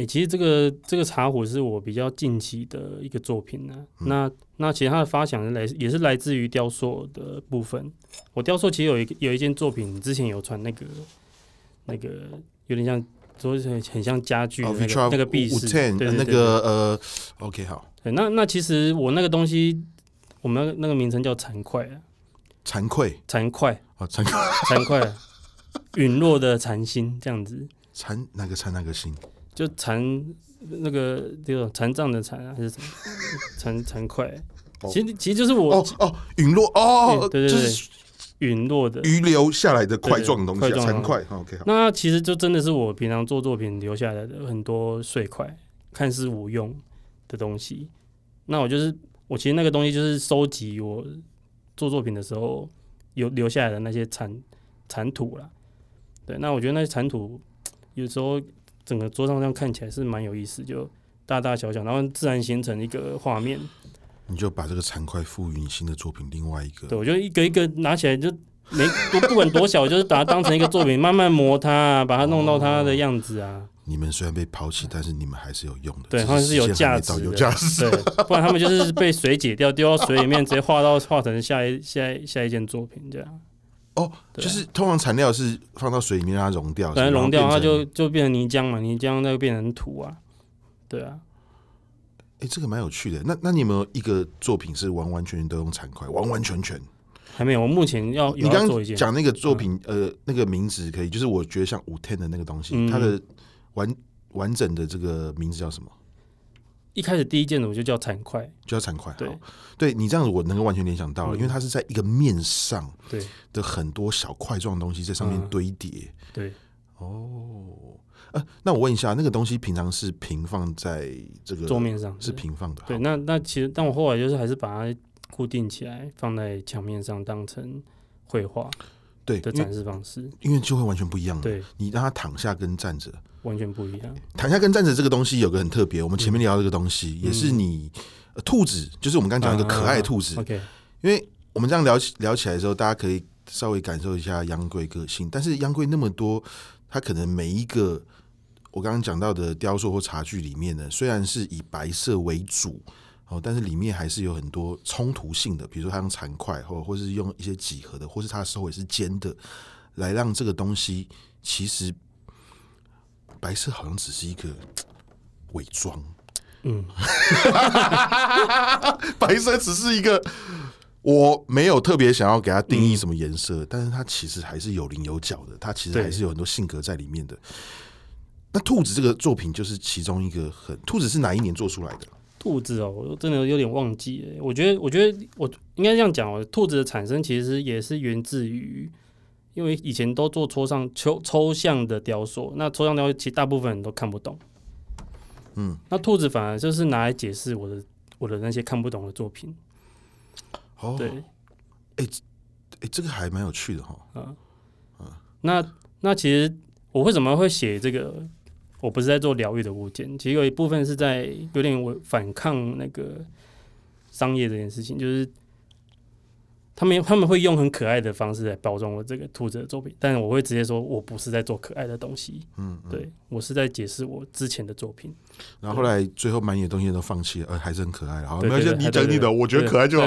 欸、其實這個這個茶壺是我比較近期的一個作品呢、啊。嗯、那那其實它的發想是來也是來自於雕塑的部分。我雕塑其實有一個有一件作品，之前有傳那個那個有點像，就是很像家具的那個壁飾，對、oh, 那個，那個呃，OK 好。對，那那其實我那個東西，我們那個那個名稱叫慚愧啊，慚愧，慚愧，好，慚愧，慚愧，隕落的殘星這樣子，殘那個殘那個星。就殘那個這種殘障的殘啊，還是殘殘塊？其實其實就是我哦隕、oh, oh, 落哦，oh, 對，對對對，隕落的遺留下來的塊狀的東西塊、啊。塊 o、okay, 好那其實就真的是我平常做作品留下來的很多碎塊，看似無用的東西。那我就是我其實那個東西就是收集我做作品的時候有留，留下來的那些殘殘土了。對，那我覺得那些殘土有時候。整個桌上這樣看起來是蠻有意思的，就大大小小，然後自然形成一個畫面。你就把這個殘塊賦予你新的作品。另外一個，對我就一個一個拿起來，就沒不管多小，我就是把它當成一個作品，慢慢磨它，把它弄到它的樣子啊。哦，你們雖然被拋棄，但是你們還是有用的，對，對，他們是有價值的，有價值的，對，不然他們就是被水解掉，丟到水裡面，直接畫到畫成下一下一下一件作品這樣。哦，啊、就是通常材料是放到水裡面讓它溶掉，等它，啊、溶掉它就就變成泥漿嘛，泥漿那就變成土啊，對啊。哎、欸，這個蠻有趣的。那那你有沒有一個作品是完完全全都用鏟塊，完完全全？還沒有，我目前要。嗯，你剛剛講那個作品，嗯、呃，那個名字可以，就是我覺得像五天的那個東西，嗯，它的完完整的這個名字叫什麼？一開始第一件我就叫殘塊，就叫殘塊對。對，對你這樣子我能夠完全聯想到，嗯、因為它是在一個面上的很多小塊狀的東西在上面堆疊、嗯。對，哦，呃、啊，那我問一下，那個東西平常是平放在這個桌面上是平放的？對，好對，那那其實，但我後來就是還是把它固定起來，放在牆面上當成繪畫。對的展示方式因，因為就會完全不一樣了。對，你讓它躺下跟站着完全不一樣。躺下跟站着這個東西有個很特別，我們前面聊的這個東西、嗯、也是你、呃、兔子，就是我們剛講一個可愛兔子。啊啊啊、OK，因為我們這樣聊聊起來的時候，大家可以稍微感受一下央貴個性。但是央貴那麼多，它可能每一個我剛剛講到的雕塑或茶具裡面呢，雖然是以白色為主。哦，但是裡面還是有很多衝突性的，比如說他用殘塊，或或者是用一些幾何的，或是他的手也是尖的，來讓這個東西其實白色好像只是一個偽裝，嗯， [laughs] 白色只是一個，我沒有特別想要給他定義什麼顏色，嗯、但是它其實還是有稜有角的，它其實還是有很多性格在裡面的。對那兔子這個作品就是其中一個很，很兔子是哪一年做出來的？兔子哦，我真的有點忘記了。我覺得，我覺得我應該這樣講哦。兔子的產生其實也是源自於，因為以前都做抽象、抽抽象的雕塑，那抽象雕塑其實大部分人都看不懂。嗯，那兔子反而就是拿來解釋我的我的那些看不懂的作品。哦，對，哎哎、欸欸，這個還蠻有趣的哈、哦。嗯嗯、啊，那那其實我為什麼會寫這個？我不是在做療癒的物件，其實有一部分是在有點我反抗那個商業這件事情，就是他們他們會用很可愛的方式來包裝我這個兔子的作品，但是我會直接說我不是在做可愛的東西，嗯，嗯對，對我是在解釋我之前的作品，然後後來最後滿眼東西都放棄了，呃，還是很可愛，然後你整你的，對對我覺得可愛就好，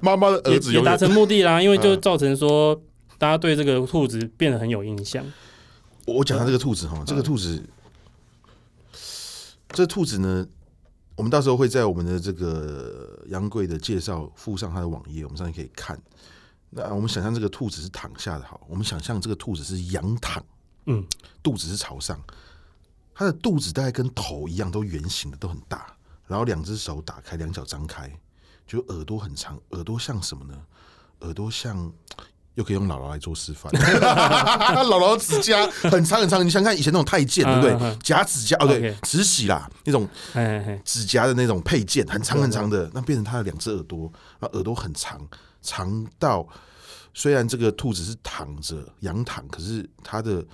媽媽 [laughs] 的兒子也達成目的啦，因為就造成說大家對這個兔子變得很有印象。我講下這個兔子哈，這個兔子，這兔子呢，我們到時候會在我們的這個央貴的介紹附上它的網頁，我們上去可以看。那我們想象這個兔子是躺下的好，我們想象這個兔子是仰躺，嗯，肚子是朝上，它的肚子大概跟頭一樣都圓形的，都很大，然後兩只手打開，兩腳張開，就耳朵很長，耳朵像什麼呢？耳朵像。又可以用姥姥來做示範， [laughs] [laughs] 姥姥指甲很長很長，你想看以前那種太監對不對？夾指甲哦，對慈禧啦那種指甲的那種配件，很長很長的，那變成他的兩隻耳朵，那耳朵很長，長到雖然這個兔子是躺着仰躺，可是它的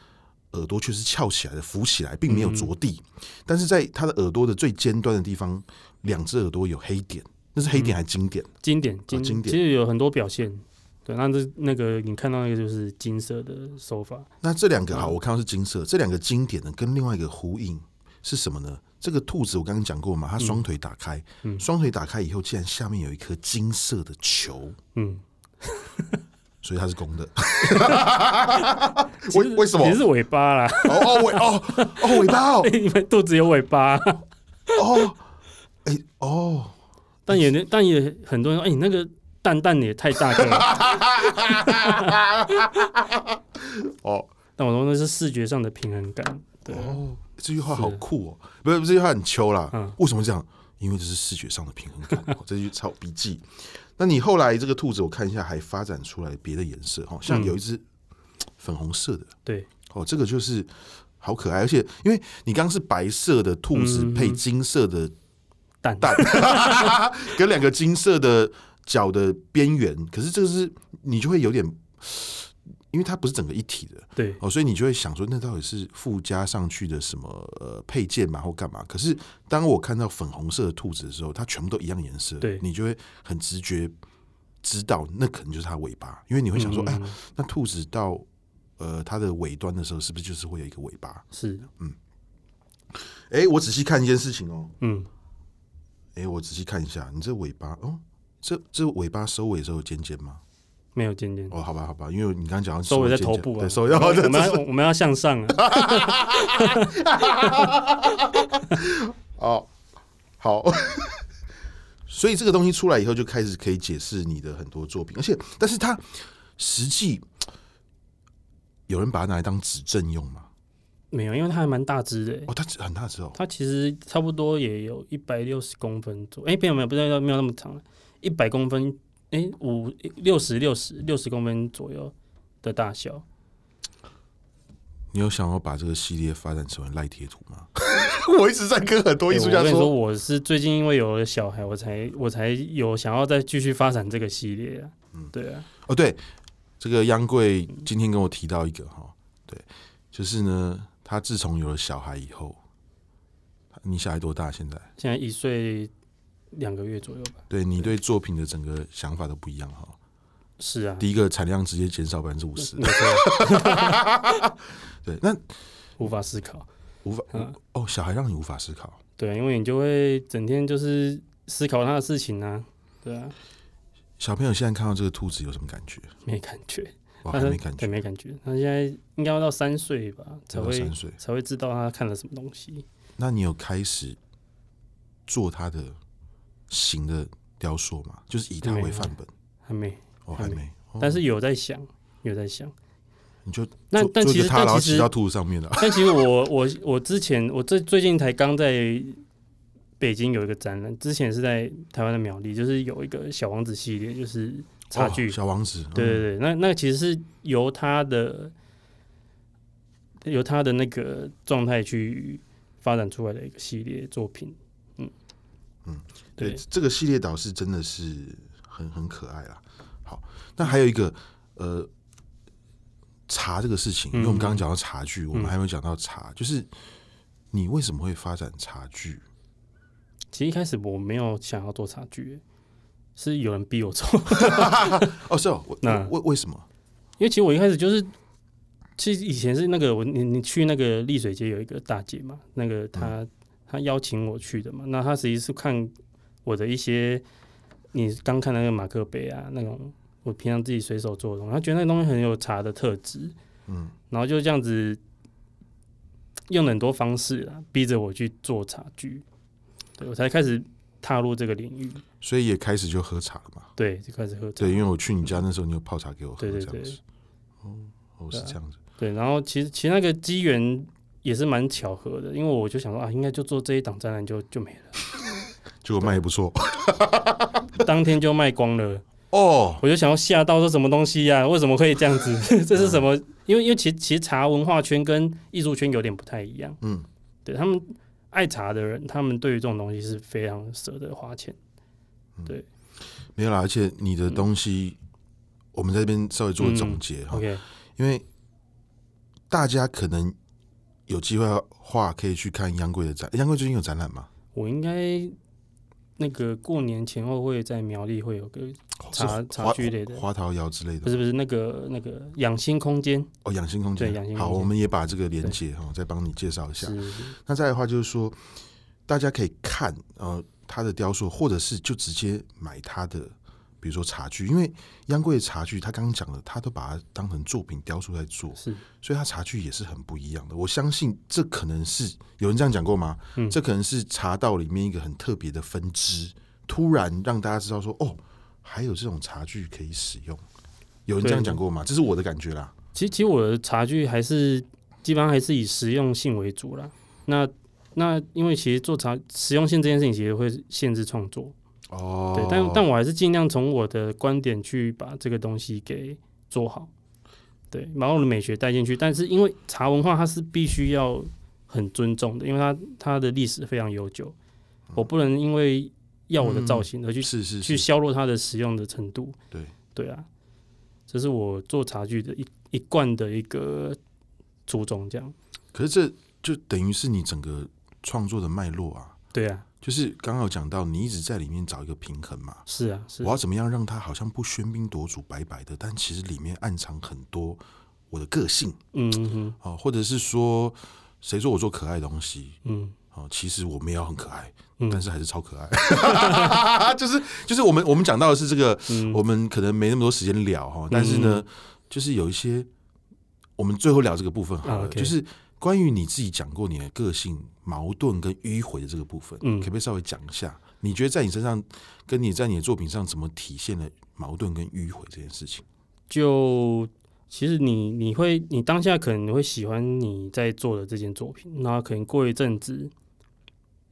耳朵卻是翹起來的，浮起來，並沒有着地。嗯、但是在他的耳朵的最尖端的地方，兩隻耳朵有黑點，那是黑點還是金點？經點經點，其實有很多表現。對，那這那個你看到那個就是金色的手法。那這兩個好，我看到是金色，嗯、這兩個經典的跟另外一個呼應是什麼呢？這個兔子我剛剛講過嘛，它、嗯、雙腿打開，嗯、雙腿打開以後，竟然，下面有一顆金色的球，嗯， [laughs] 所以它是公的。為 [laughs] [laughs] 實為什麼？也是尾巴啦，哦、 [laughs] oh, oh, 尾，哦哦、oh, 尾巴哦、 [laughs] 哎，你們肚子有尾巴、啊？哦、 [laughs] oh, 哎，哎哦，但也能，但也很多人說哎，你那個。蛋蛋也太大個了。 [laughs] 哦，但我說那是視覺上的平衡感。對哦，這句話好酷哦，不是，不是，這句話很秋啦。嗯、為什麼這樣？因為這是視覺上的平衡感。 [laughs] 哦、這句抄筆記。那你後來這個兔子，我看一下，還發展出來別的顏色哦，像有一隻粉紅色的。對、嗯。哦，這個就是好可愛，而且因為你剛剛是白色的兔子配金色的蛋、嗯、蛋， [laughs] 跟兩個金色的。腳的邊緣，可是這個是你就會有點，因為它不是整個一體的，對哦，所以你就會想說，那到底是附加上去的什麼呃配件嘛，或幹嘛？可是當我看到粉紅色的兔子的時候，它全部都一樣顏色，對，你就會很直覺知道那可能就是它的尾巴，因為你會想說，哎、嗯欸，那兔子到、呃、它的尾端的時候，是不是就是會有一個尾巴？是，嗯，哎、欸，我仔細看一件事情哦，嗯，哎、欸，我仔細看一下，你這尾巴哦。這這尾巴收尾的時候有尖尖嗎？沒有尖尖哦，好吧，好吧，因為你剛剛講收尾，收尾在頭部啊，我們要我們我們要向上啊！哦，好， [laughs] 所以這個東西出來以後，就開始可以解釋你的很多作品，而且，但是它實際有人把它拿來當紙鎮用嗎？沒有，因為它還蠻大隻的哦，它很大隻哦，它其實差不多也有一百六十公分左右，哎，沒有沒有，不知道沒有那麼長。一百公分，哎、欸，五六十、六十、六十公分左右的大小。你有想要把這個系列發展成為賴鐵圖嗎？ [laughs] 我一直在跟很多藝術家說、欸、說，我是最近因為有了小孩，我才我才有想要再繼續發展這個系列啊。嗯，對啊、嗯。哦，對，這個央貴今天跟我提到一個哈，嗯、對，就是呢，他自從有了小孩以後，你小孩多大？現在？現在一歲。兩個月左右吧。對你對作品的整個想法都不一樣哈。是啊對，第一個產量直接減少百分之五十。 [laughs] [laughs] 對，那無法思考，無法、啊、哦，小孩讓你無法思考。對，因為你就會整天就是思考他的事情啊。對啊，小朋友現在看到這個兔子有什麼感覺？沒感覺，他沒感覺，沒感覺。他現在應該要到三歲吧，才會才會知道他看了什麼東西。那你有開始做他的？新的雕塑嘛，就是以他為範本，還沒，還沒哦，還沒，但是有在想，哦、有在想，你就那但其實他其實兔子上面的，但其實我 [laughs] 我我之前我最最近才剛在北京有一個展覽，之前是在台灣的苗栗，就是有一個小王子系列，就是差距，哦、小王子，嗯、對對對，那那其實是由他的由他的那個狀態去發展出來的一個系列作品。嗯，對、欸，這個系列倒是真的是很很可愛啦。好，那還有一個呃茶這個事情，因為我們剛剛講到茶具，嗯、我們還沒有講到茶，嗯、就是你為什麼會發展茶具？其實一開始我沒有想要做茶具，欸，是有人逼我做。哦，是哦、啊，那為為什麼？因為其實我一開始就是其實以前是那個我你你去那個麗水街有一個大姐嘛，那個她。嗯他邀請我去的嘛，那他實際是看我的一些，你剛看那個馬克杯啊，那種我平常自己隨手做的東西，他覺得那東西很有茶的特質，嗯，然後就這樣子用很多方式啊，逼着我去做茶具，對，我才開始踏入這個領域，所以也開始就喝茶了嘛，對，就開始喝茶，茶。對，因為我去你家那時候，你有泡茶給我喝，對對對，哦哦是這樣子對，對，然後其實其實那個機緣。也是蠻巧合的，因為我就想說啊，應該就做這一檔展覽就就沒了，結果 [laughs] 賣也不錯， [laughs] 當天就賣光了哦。Oh. 我就想要嚇到說什麼東西呀、啊？為什麼會這樣子呵呵？這是什麼？嗯、因為因為其實其實茶文化圈跟藝術圈有點不太一樣，嗯，對他們愛茶的人，他們對於這種東西是非常捨得花錢，對、嗯，沒有啦。而且你的東西，嗯、我們在這邊稍微做總結、嗯、哈，Okay. 因為大家可能。有機會的話，可以去看央貴的展。央貴最近有展覽嗎？我應該那個過年前後會在苗栗會有個茶茶具類的花，花桃窯之類的，不是不是那個那個養心空間哦，養心空間對養心空間好，我們也把這個連接哈，對再幫你介紹一下。是是那再的話就是說，大家可以看呃他的雕塑，或者是就直接買他的。比如說茶具，因為央貴的茶具，他剛剛講了，他都把它當成作品雕塑在做，是，所以他茶具也是很不一樣的。我相信這可能是有人這樣講過嗎？嗯，這可能是茶道裡面一個很特別的分支，突然讓大家知道說，哦，還有這種茶具可以使用。有人這樣講過嗎？對這是我的感覺啦。其實，其實我的茶具還是基本上還是以實用性為主啦。那那因為其實做茶實用性這件事情，其實會限制創作。哦，oh. 對，但但我還是盡量從我的觀點去把這個東西給做好，對，把我的美學帶進去。但是因為茶文化它是必須要很尊重的，因為它它的歷史非常悠久，嗯、我不能因為要我的造型而去、嗯、是是是去削弱它的使用的程度。對對啊，這是我做茶具的一一貫的一個初衷，這樣。可是這就等於是你整個創作的脈絡啊。對啊，就是剛剛講到，你一直在裡面找一個平衡嘛。是啊，是啊，我要怎麼樣讓他好像不喧賓奪主，白白的，但其實裡面暗藏很多我的個性。嗯哼、哦，或者是說，誰說我做可愛的東西？嗯，哦，其實我沒有很可愛，但是還是超可愛。嗯、 [laughs] 就是就是我們我們講到的是這個，嗯、我們可能沒那麼多時間聊哈，但是呢，嗯、就是有一些，我們最後聊這個部分好了，啊 okay、就是。關於你自己講過你的個性矛盾跟迂迴的這個部分，嗯，可不可以稍微講一下？你覺得在你身上，跟你在你的作品上怎麼體現了矛盾跟迂迴這件事情？就其實你你會你當下可能會喜歡你在做的這件作品，那可能過一陣子，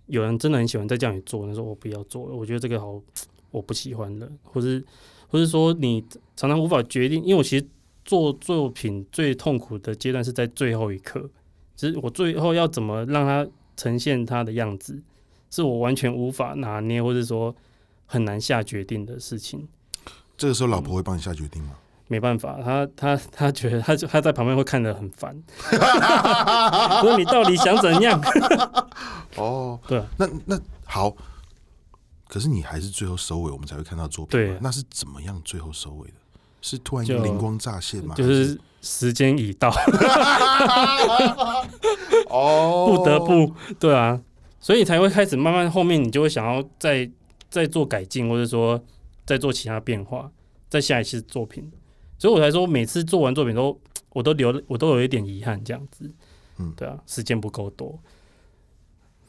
有人真的很喜歡在這樣做，那說我不要做了，我覺得這個好，我不喜歡了。或是或是說你常常無法決定，因為我其實做作品最痛苦的階段是在最後一刻。其實我最後要怎麼讓他呈現他的樣子，是我完全無法拿捏，或者說很難下決定的事情。這個時候，老婆會幫你下決定嗎？嗯，沒辦法，她她她覺得他，她就她在旁邊會看得很煩。不過你到底想怎樣？哦，對，那那好，可是你還是最後收尾，我們才會看到作品。對啊，那是怎麼樣最後收尾的？是突然靈光乍現嘛？就是時間已到，哦，不得不，對啊，所以才會開始慢慢後面你就會想要再再做改進，或者說再做其他變化，再下一次作品，所以我才說每次做完作品都我都留我都有一點遺憾這樣子，嗯，對啊，嗯，時間不夠多，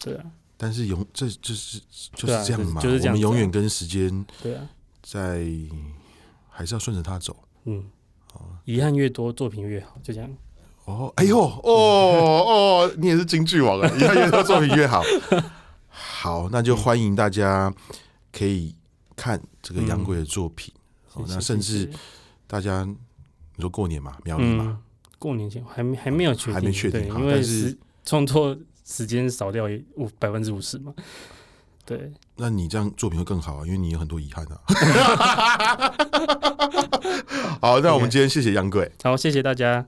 對啊，但是永這就是就是這樣嘛，啊，我們永遠跟時間對啊在。還是要順着他走，嗯，遺憾越多，作品越好，就這樣。哦，哎呦，哦哦，你也是金句王啊！遺 [laughs] 憾越多，作品越好。好，那就歡迎大家可以看這個央貴的作品。好，那甚至大家，你說過年嘛，苗有、嗯、過年前還還沒有確定，因為是創作時間少掉五百分之五十嘛。對，那你這樣作品會更好啊，因為你有很多遺憾啊。 [laughs] [laughs] [laughs] 好，對那我們今天謝謝央貴好，謝謝大家。